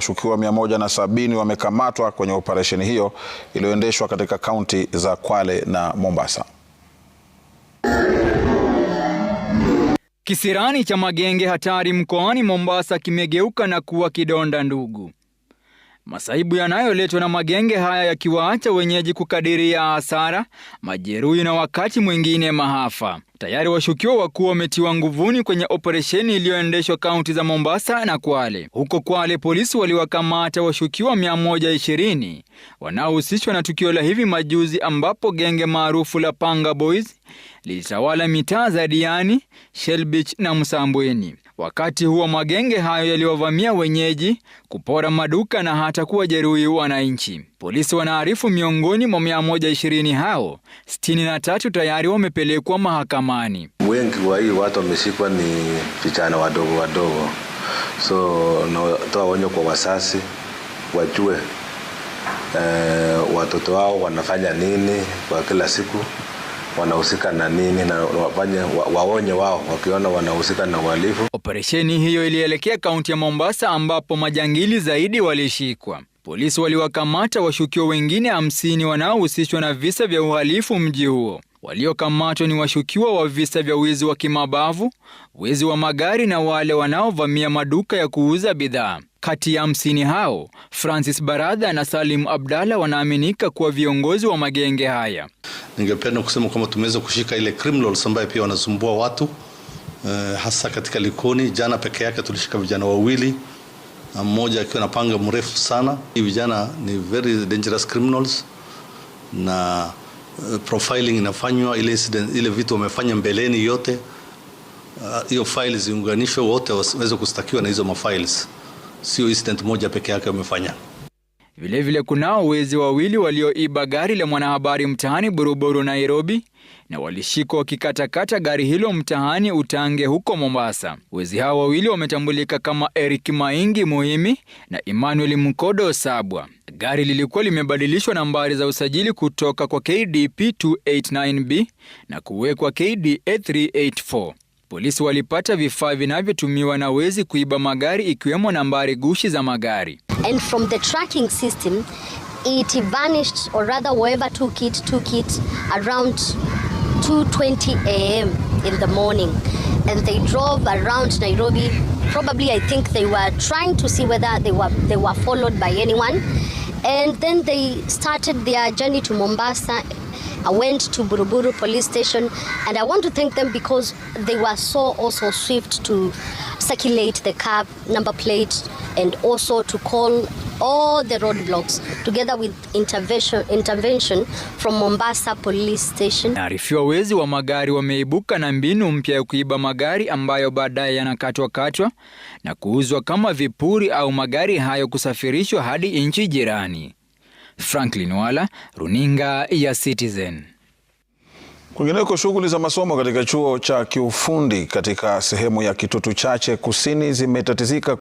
Washukiwa 170 wamekamatwa kwenye operesheni hiyo iliyoendeshwa katika kaunti za Kwale na Mombasa. Kisirani cha magenge hatari mkoani Mombasa kimegeuka na kuwa kidonda ndugu. Masaibu yanayoletwa na magenge haya yakiwaacha wenyeji kukadiria hasara, majeruhi na wakati mwingine maafa. Tayari washukiwa wakuu wametiwa nguvuni kwenye operesheni iliyoendeshwa kaunti za Mombasa na Kwale. Huko Kwale, polisi waliwakamata washukiwa 120 wanaohusishwa na tukio la hivi majuzi, ambapo genge maarufu la Panga Boys lilitawala mitaa za Diani, Shelbich na Msambweni. Wakati huo magenge hayo yaliwavamia wenyeji, kupora maduka na hata kuwajeruhi wananchi. Polisi wanaarifu miongoni mwa 120 hao 63 tayari wamepelekwa mahakamani. Wengi wa hii watu wameshikwa ni vijana wadogo wadogo, so natoa onyo kwa wasasi wajue, eh, watoto wao wanafanya nini kwa kila siku wanahusika na nini na wafanye waonye wao wakiona wanahusika na uhalifu. Operesheni hiyo ilielekea kaunti ya Mombasa ambapo majangili zaidi walishikwa. Polisi waliwakamata washukiwa wengine hamsini wanaohusishwa na visa vya uhalifu mji huo. Waliokamatwa ni washukiwa wa visa vya wizi wa kimabavu, wizi wa magari na wale wanaovamia maduka ya kuuza bidhaa. Kati ya hamsini hao, Francis Baradha na Salim Abdalla wanaaminika kuwa viongozi wa magenge haya ningependa kusema kwamba tumeweza kushika ile criminals ambaye pia wanasumbua watu e, hasa katika Likoni. Jana peke yake tulishika vijana wawili, mmoja akiwa na panga mrefu sana. Hii vijana ni very dangerous criminals na eh, profiling inafanywa, ile incident, ile vitu wamefanya mbeleni yote ah, hiyo uh, files ziunganishwe, wote waweze kustakiwa na hizo mafiles, sio incident moja peke yake wamefanya. Vilevile kunao wezi wawili walioiba gari la mwanahabari mtaani Buruburu Nairobi, na walishikwa wakikatakata gari hilo mtaani Utange huko Mombasa. Wezi hao wawili wametambulika kama Eric Maingi Muhimi na Emmanuel Mkodo Sabwa. Gari lilikuwa limebadilishwa nambari za usajili kutoka kwa KDP 289B na kuwekwa KDA 384. Polisi walipata vifaa vinavyotumiwa na wezi kuiba magari ikiwemo nambari gushi za magari. and from the tracking system it vanished or rather whoever took it took it around 2.20 a.m. in the morning and they drove around Nairobi probably I think they were trying to see whether they were they were followed by anyone and then they started their journey to Mombasa I went to Buruburu police station and I want to thank them because they were so also swift to circulate the car number plate and also to call all the roadblocks together with intervention, intervention from Mombasa Police Station. Naarifiwa wezi wa magari wameibuka na mbinu mpya ya kuiba magari ambayo baadaye yanakatwa katwa na kuuzwa kama vipuri au magari hayo kusafirishwa hadi nchi jirani. Franklin Wala, Runinga ya Citizen. Kwingineko, shughuli za masomo katika chuo cha kiufundi katika sehemu ya Kitutu Chache Kusini zimetatizika.